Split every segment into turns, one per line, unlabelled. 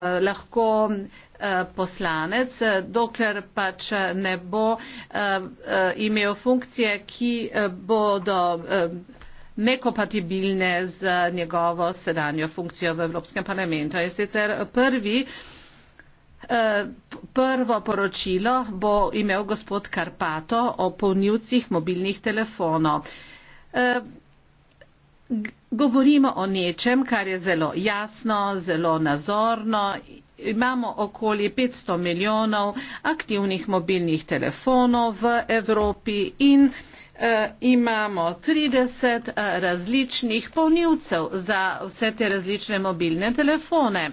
Eh, lahko eh, poslanec, dokler pač ne bo eh, imel funkcije, ki bodo nekompatibilne z njegovo sedanjo funkcijo v Evropskem parlamentu. Je sicer prvi, prvo poročilo bo imel gospod Karpato o polnjucih mobilnih telefonov. Govorimo o nečem, kar je zelo jasno, zelo nazorno. Imamo okoli 500 milijonov aktivnih mobilnih telefonov v Evropi in eh, Imamo 30 eh, različnih polnilcev za vse te različne mobilne telefone.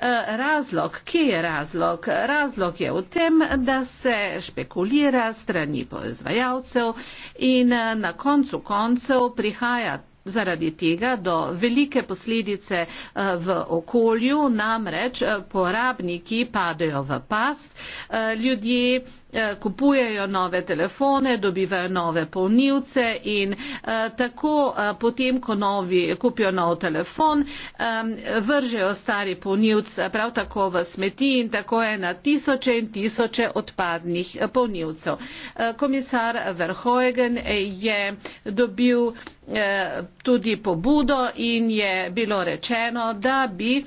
Eh, razlog, kje je razlog? Razlog je v tem, da se špekulira strani poizvajalcev in na koncu koncev prihaja zaradi tega do velike posledice eh, v okolju, namreč eh, porabniki padajo v past, eh, ljudje Eh, kupujejo nove telefone, dobivajo nove polnilce in eh, tako eh, potem, ko novi, kupijo nov telefon, vržejo stari polnilc prav tako v smeti in tako je na tisoče in tisoče odpadnih polnilcev. Komisar Verhoegen je dobil tudi pobudo in je bilo rečeno, da bi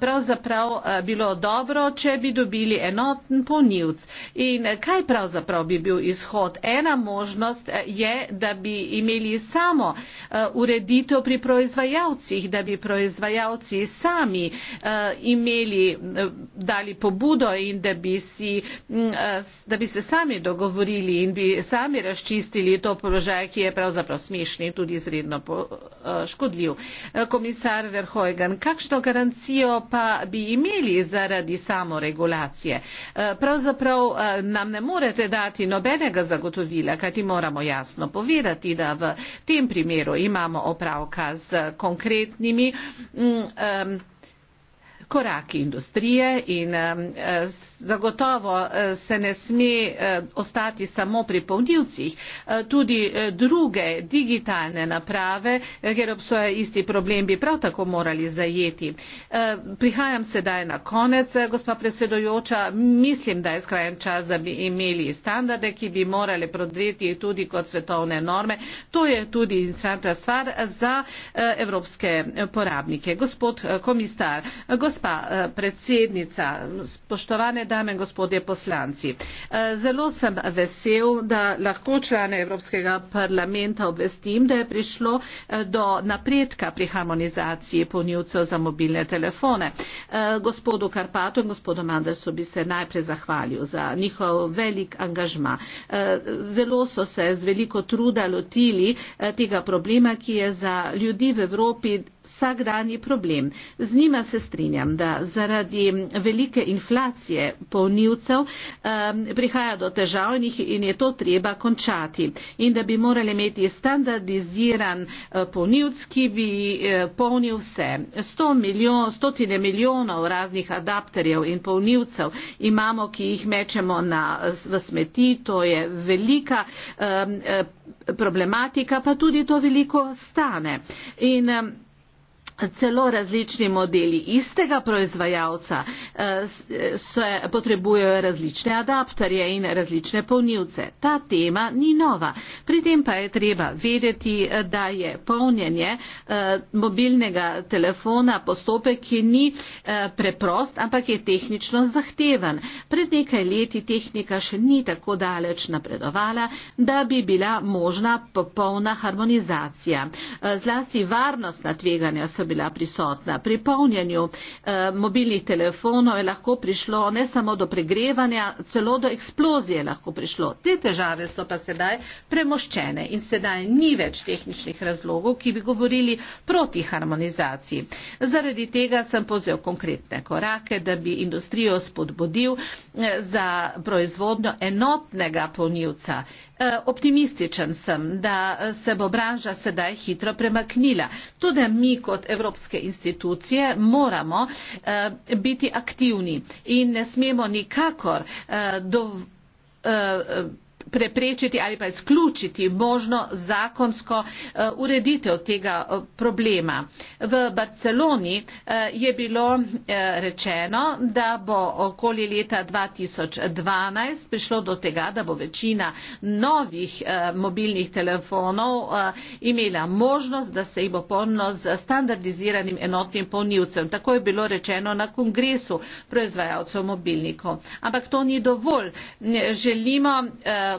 pravzaprav bilo dobro, če bi dobili enoten polnilc. In kaj pravzaprav bi bil izhod. Ena možnost eh, je, da bi imeli samo eh, ureditev pri proizvajalcih, da bi proizvajalci sami eh, imeli, dali pobudo in da bi, si, mm, da bi se sami dogovorili in bi sami razčistili to položaj, ki je pravzaprav smešni in tudi izredno škodljiv. Komisar Verhojgan, kakšno garancijo pa bi imeli zaradi samoregulacije? Pravzaprav na nam ne morete dati nobenega zagotovila, kajti moramo jasno povedati, da v tem primeru imamo opravka z konkretnimi. Mm, um, koraki industrije in eh, zagotovo eh, se ne sme eh, ostati samo pri polnilcih. Tudi druge digitalne naprave, ker obstoja isti problem, bi prav tako morali zajeti. Prihajam sedaj na konec, gospa predsedojoča. Mislim, da je skrajen čas, da bi imeli standarde, ki bi morali prodreti tudi kot svetovne norme. To je tudi stvar za evropske porabnike. Gospod komisar, gospod gospa eh, predsednica spoštovane dame in gospodje poslanci eh, zelo sem vesel da lahko člane evropskega parlamenta obvestim da je prišlo eh, do napredka pri harmonizaciji ponjivcev za mobilne telefone gospodu karpatu in gospodu mandersu bi se najprej zahvalil za njihov velik angažma zelo so se z veliko truda lotili tega problema ki je za ljudi v evropi vsak dan je problem. Z njima se strinjam, da zaradi velike inflacije polnilcev um, prihaja do težav in, in je to treba končati. In da bi morali imeti standardiziran uh, polnilc, ki bi uh, polnil vse. Sto milijon, stotine milijonov raznih adapterjev in polnilcev imamo, ki jih mečemo na, v smeti, to je velika. Um, problematika, pa tudi to veliko stane. In, um celo različni modeli istega proizvajalca eh, eh, se potrebujejo različne adapterje in različne polnilce. Ta tema ni nova. Pri tem pa je treba vedeti, eh, da je polnjenje mobilnega telefona postopek, ki ni preprost, ampak je tehnično zahteven. Pred nekaj leti tehnika še ni tako daleč napredovala, da bi bila možna popolna harmonizacija. Zlasti varnostna tveganja so bila prisotna. Pri polnjenju eh, mobilnih telefonov je lahko prišlo ne samo do pregrevanja, celo do eksplozije lahko prišlo. Te težave so pa sedaj premoščene in sedaj ni več tehničnih razlogov, ki bi govorili proti harmonizaciji. Zaradi tega sem pozel konkretne korake, da bi industrijo spodbudil eh, za proizvodnjo enotnega polnilca. Eh, optimističen sem, da se bo branža sedaj hitro premaknila. Tudi mi kot evropske institucije moramo eh, biti aktivni in ne smemo nikakor eh, dovoliti eh, preprečiti ali pa izključiti možno zakonsko eh, ureditev tega eh, problema. V Barceloni eh, je bilo rečeno, da bo okoli leta 2012 prišlo do tega, da bo večina novih mobilnih telefonov imela možnost, da se jih bo polno z standardiziranim enotnim polnilcem. Tako je bilo rečeno na kongresu proizvajalcev mobilnikov. Ampak to ni dovolj. Želimo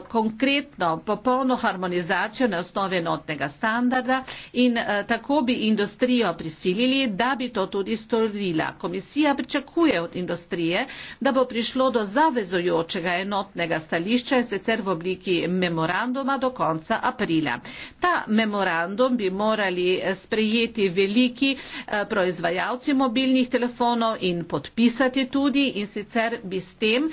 konkretno popolno harmonizacijo na osnovi enotnega standarda in eh, tako bi industrijo prisilili, da bi to tudi storila. Komisija pričakuje od industrije, da bo prišlo do zavezojočega enotnega stališča in sicer v obliki memoranduma do konca aprila. Ta memorandum bi morali eh, sprejeti veliki eh, proizvajalci mobilnih telefonov in podpisati tudi in sicer bi s tem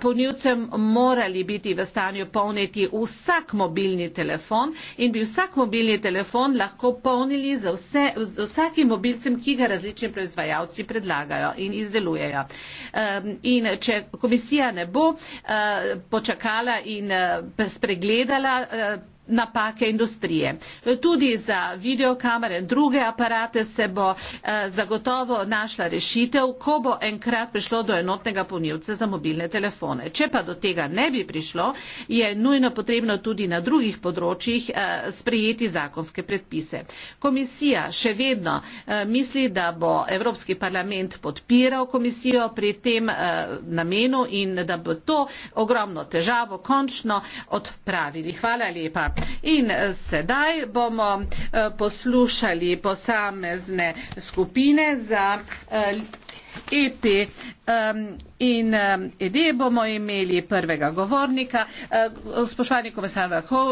polnilcem morali biti v stanju polniti vsak mobilni telefon in bi vsak mobilni telefon lahko polnili z, vse, z vsakim mobilcem, ki ga različni proizvajalci predlagajo in izdelujejo. Ehm, in če komisija ne bo eh, počakala in eh, spregledala eh, napake industrije. Tudi za videokamere in druge aparate se bo eh, zagotovo našla rešitev, ko bo enkrat prišlo do enotnega ponivca za mobilne telefone. Če pa do tega ne bi prišlo, je nujno potrebno tudi na drugih področjih eh, sprejeti zakonske predpise. Komisija še vedno eh, misli, da bo Evropski parlament podpiral komisijo pri tem namenu in da bo to ogromno težavo končno odpravili. Hvala lepa. In eh, sedaj bomo eh, poslušali posamezne skupine za EP eh, e Um, in um, edini bomo imeli prvega govornika. Uh, spoštovani komisar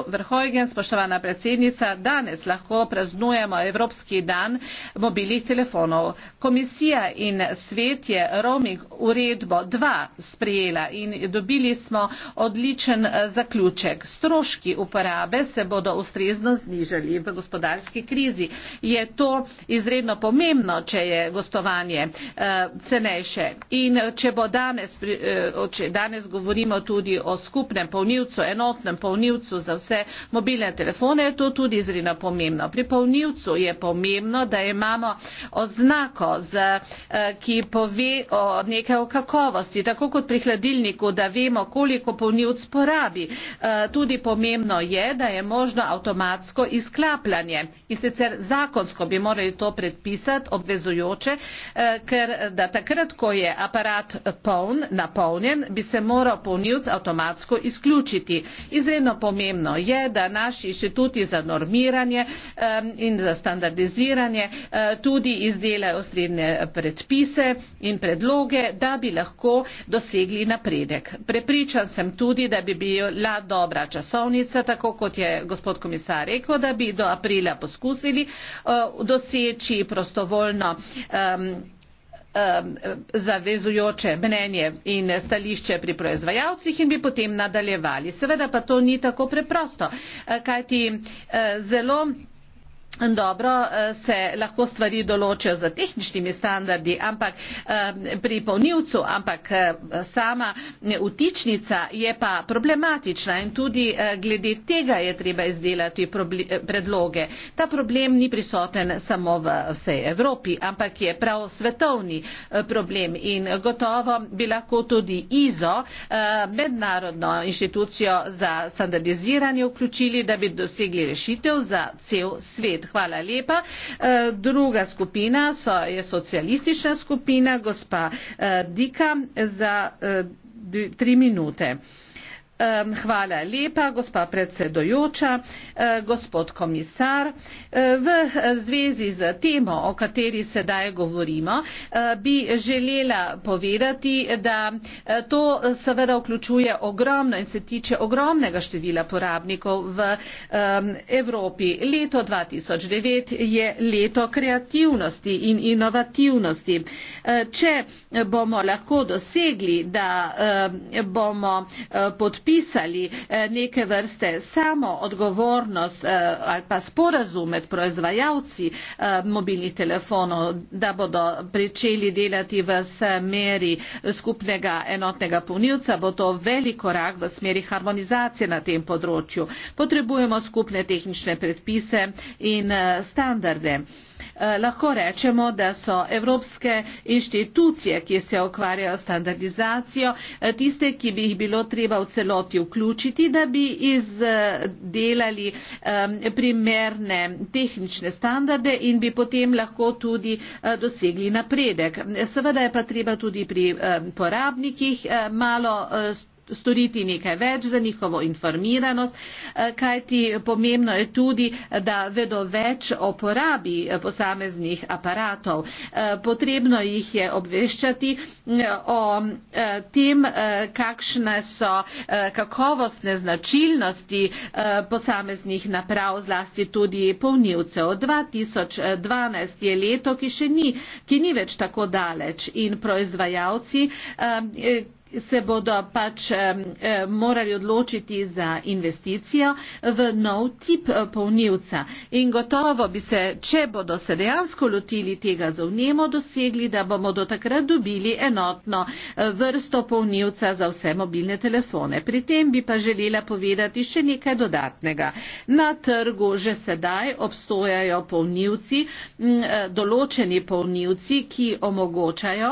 Vrhojgen, spoštovana predsednica, danes lahko praznujemo Evropski dan mobilnih telefonov. Komisija in svet je roaming uredbo 2 sprejela in dobili smo odličen uh, zaključek. Stroški uporabe se bodo ustrezno znižali v gospodarski krizi. Je to izredno pomembno, če je gostovanje uh, cenejše. In in eh, če bo danes, eh, če danes govorimo tudi o skupnem polnilcu, enotnem polnilcu za vse mobilne telefone, je to tudi izredno pomembno. Pri polnilcu je pomembno, da imamo oznako, z, eh, ki pove o nekaj o kakovosti, tako kot pri hladilniku, da vemo, koliko polnilc porabi. Tudi pomembno je, da je možno avtomatsko izklapljanje in sicer zakonsko bi morali to predpisati obvezujoče, ker da takrat, ko je aparat poln napolnjen bi se moral polnilec avtomatsko izključiti. izredno pomembno je da naši inštituti za normiranje in za standardiziranje eh, tudi izdelajo ustrezne predpise in predloge da bi lahko dosegli napredek. prepričan sem tudi da bi bila dobra časovnica tako kot je gospod komisar rekel da bi do aprila poskusili eh, doseči prostovoljno um, Um, zavezujoče mnenje in stališče pri proizvajalcih in bi potem nadaljevali. Seveda pa to ni tako preprosto, eh, kajti eh, zelo dobro eh, se lahko stvari določijo z tehničnimi standardi ampak eh, pri polnilcu ampak eh, sama vtičnica je pa problematična in tudi glede tega je treba izdelati predloge. Ta problem ni prisoten samo v vsej Evropi ampak je prav svetovni problem in gotovo bi lahko tudi IZO mednarodno inštitucijo za standardiziranje vključili, da bi dosegli rešitev za cel svet. Hvala lepa. Eh, druga skupina so, je socialistična skupina, gospa eh, Dika, za eh, tri minute. Hvala lepa, gospa predsedojoča, e, gospod komisar. E, v zvezi z temo, o kateri sedaj govorimo, e, bi želela povedati, da to seveda vključuje ogromno in se tiče ogromnega števila porabnikov v Evropi. Leto 2009 je leto kreativnosti in inovativnosti. Če bomo lahko dosegli, da bomo podpirali podpisali eh, neke vrste samo odgovornost eh, ali pa sporazum med proizvajalci eh, mobilnih telefonov, da bodo pričeli delati v smeri skupnega enotnega punilca, bo to velik korak v smeri harmonizacije na tem področju. Potrebujemo skupne tehnične predpise in standarde. Eh, lahko rečemo, da so evropske inštitucije, ki se okvarjajo standardizacijo, eh, tiste, ki bi jih bilo treba v celoti vključiti, da bi izdelali primerne tehnične standarde in bi potem lahko tudi eh, dosegli napredek. Seveda je pa treba tudi pri porabnikih malo storiti nekaj več za njihovo informiranost, eh, kajti pomembno je tudi, da vedo več o porabi eh, posameznih aparatov. Eh, potrebno jih je obveščati o tem, kakšne so kakovostne značilnosti posameznih naprav, zlasti tudi polnilcev. 2012 je leto, ki še ni, ki ni več tako daleč in proizvajalci, se bodo pač morali odločiti za investicijo v nov tip eh, polnilca. In gotovo bi se, če bodo se dejansko lotili tega za vnemo, dosegli, da bomo do takrat dobili enotno eh, vrsto polnilca za vse mobilne telefone. Pri tem bi pa želela povedati še nekaj dodatnega. Na trgu že sedaj obstojajo polnilci, eh, določeni polnilci, ki omogočajo,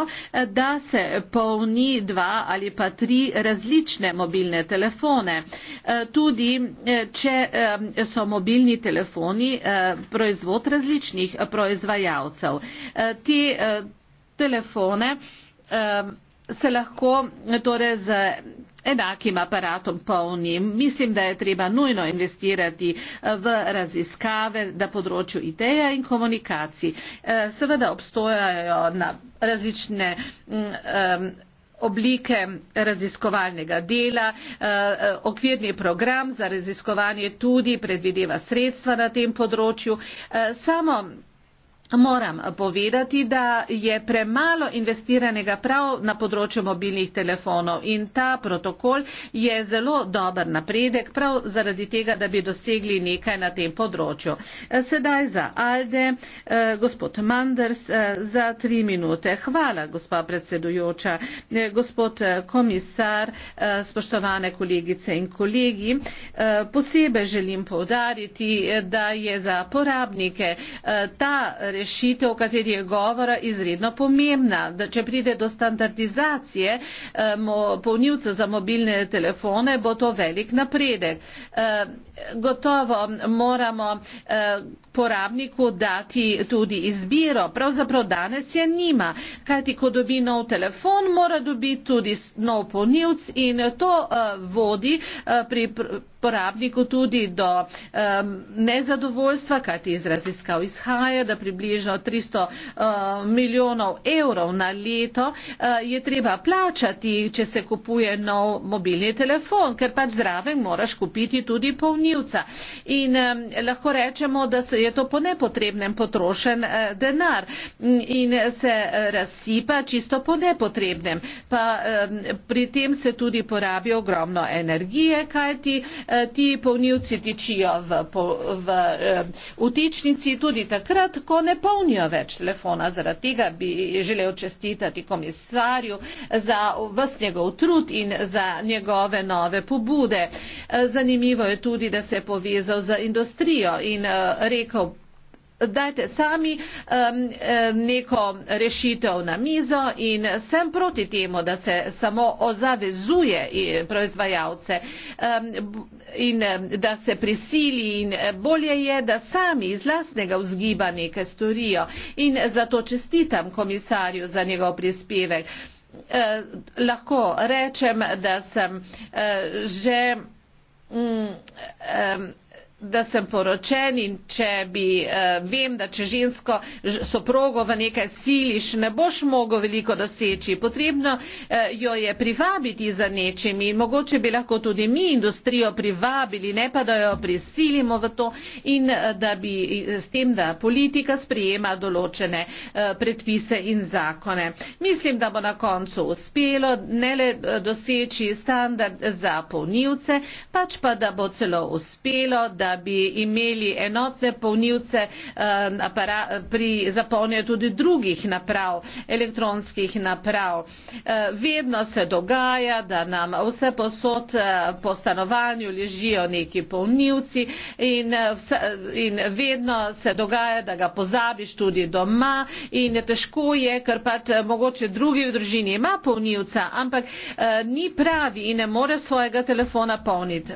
da se polni dva ali pa tri različne mobilne telefone. Eh, tudi, eh, če eh, so mobilni telefoni proizvod različnih proizvajalcev. Te telefone se lahko torej z enakim aparatom polnim. Mislim, da je treba nujno investirati v raziskave na področju ideja in komunikacij. Seveda obstojajo na različne um, oblike raziskovalnega dela eh, okvirni program za raziskovanje tudi predvideva sredstva na tem področju eh, samo Moram povedati, da je premalo investiranega prav na področju mobilnih telefonov in ta protokol je zelo dober napredek prav zaradi tega, da bi dosegli nekaj na tem področju. Eh, sedaj za Alde, eh, gospod Manders, eh, za tri minute. Hvala, gospa predsedujoča, gospod komisar, spoštovane kolegice in kolegi. Posebej želim povdariti, da je za porabnike ta rešitev rešitev, o kateri je govora, izredno pomembna. Da, če pride do standardizacije eh, mo, polnilcev za mobilne telefone, bo to velik napredek. Eh, gotovo moramo eh, porabniku dati tudi izbiro. Pravzaprav danes je nima, kajti ko dobi nov telefon, mora dobiti tudi nov ponivc in to eh, vodi eh, pri porabniku tudi do nezadovoljstva, kajti iz raziskav izhaja, da približno 300 milijonov evrov na leto je treba plačati, če se kupuje nov mobilni telefon, ker pač zraven moraš kupiti tudi ponivec plenilca. In lahko rečemo, da je to po nepotrebnem potrošen eh, denar in eh, se eh, razsipa čisto po nepotrebnem. Pa pri tem se tudi porabi ogromno energije, kajti ti polnilci tičijo v, v, v utičnici tudi takrat, ko ne polnijo več telefona. Zaradi tega bi želel čestitati komisarju za vse njegov trud in za njegove nove pobude. Uh, Zanimivo je tudi, da se je povezal z industrijo in eh, rekel, dajte sami neko rešitev na mizo in sem proti temu, da se samo ozavezuje eh, proizvajalce in da se prisili in eh, bolje je, da sami iz lastnega vzgiba nekaj storijo. In zato čestitam komisarju za njegov prispevek. Eh, lahko rečem, da sem eh, že um, um, da sem poročen in če bi, uh, vem, da če žensko soprogo v nekaj siliš, ne boš mogel veliko doseči. Potrebno uh, jo je privabiti za nečim in mogoče bi lahko tudi mi industrijo privabili, ne pa da jo prisilimo v to in uh, da bi s tem, da politika sprijema določene uh, predpise in zakone. Mislim, da bo na koncu uspelo ne le doseči standard za polnilce, pač pa da bo celo uspelo, da da bi imeli enotne polnilce um, pri zaponju tudi drugih naprav, elektronskih naprav. Uh, vedno se dogaja, da nam vse posod uh, po stanovanju ležijo neki polnilci in, uh, vse, in vedno se dogaja, da ga pozabiš tudi doma in težko je, ker pač mogoče drugi v družini ima polnilca, ampak ni pravi in ne more svojega telefona polniti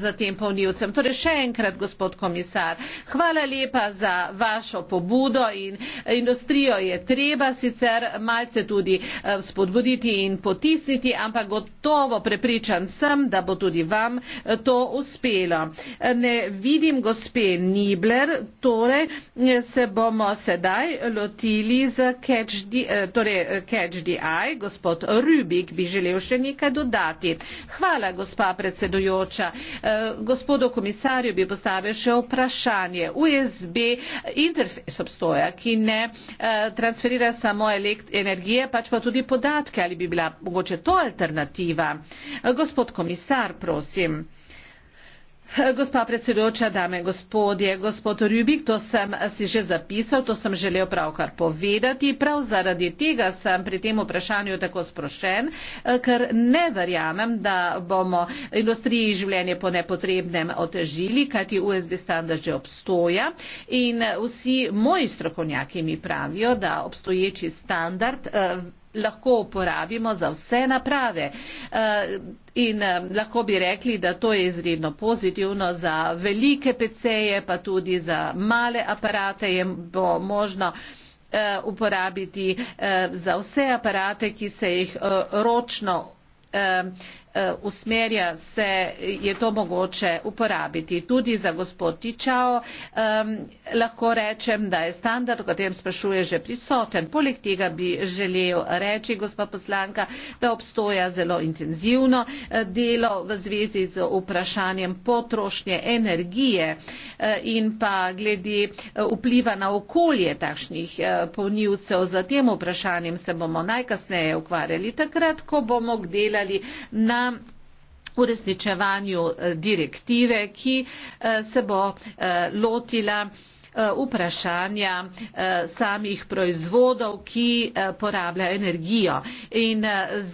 za tem polnilcem. Torej, enkrat gospod komisar. Hvala lepa za vašo pobudo in industrijo je treba sicer malce tudi eh, spodbuditi in potisniti, ampak gotovo prepričan sem, da bo tudi vam eh, to uspelo. Ne vidim gospe Nibler, torej eh, se bomo sedaj lotili z Catch the, torej catch the Eye. Gospod Rubik bi želel še nekaj dodati. Hvala, gospa predsedujoča. Gospodo komisarju bi bi postavil še vprašanje. USB interfejs obstoja, ki ne eh, transferira samo energije, pač pa tudi podatke. Ali bi bila mogoče to alternativa? Gospod komisar, prosim. Gospa predsedujoča, dame in gospodje, gospod Rjubik, to sem si že zapisal, to sem želel pravkar povedati. Prav zaradi tega sem pri tem vprašanju tako sprošen, ker ne verjamem, da bomo industriji življenje po nepotrebnem otežili, kajti USB standard že obstoja in vsi moji strokovnjaki mi pravijo, da obstoječi standard. Eh, lahko uporabimo za vse naprave. Eh, in eh, lahko bi rekli, da to je izredno pozitivno za velike PC-je, pa tudi za male aparate je bo možno eh, uporabiti za vse aparate, ki se jih ročno Eh, usmerja se je to mogoče uporabiti. Tudi za gospod Tičao um, lahko rečem, da je standard, o katerem sprašuje, že prisoten. Poleg tega bi želel reči, gospa poslanka, da obstoja zelo intenzivno eh, delo v zvezi z vprašanjem potrošnje energije eh, in pa glede vpliva na okolje takšnih polnilcev. Za tem vprašanjem se bomo najkasneje ukvarjali takrat, ko bomo delali na uresničevanju eh, direktive, ki eh, se bo eh, lotila Eh, vprašanja eh, samih proizvodov, ki eh, porabljajo energijo. In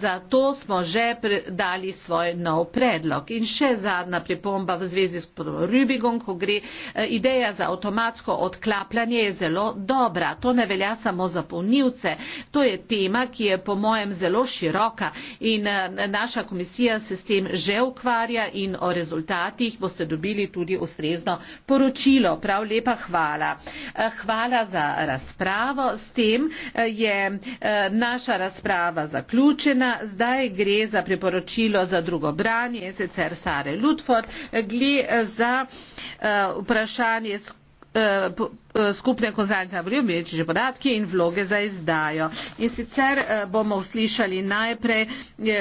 zato smo že dali svoj nov predlog. In še zadnja pripomba v zvezi s Rubigom, ko gre ideja za avtomatsko odklapljanje je zelo dobra. To ne velja samo za polnilce. To je tema, ki je po mojem zelo široka in naša komisija se s tem že ukvarja in o rezultatih boste dobili tudi ustrezno poročilo. Prav lepa hvala hvala. Eh, hvala za razpravo. S tem eh, je eh, naša razprava zaključena. Zdaj gre za priporočilo za drugo branje, sicer Sare Ludford, gre za vprašanje skupne konzultante na vrju, že podatki in vloge za izdajo. In sicer bomo uslišali najprej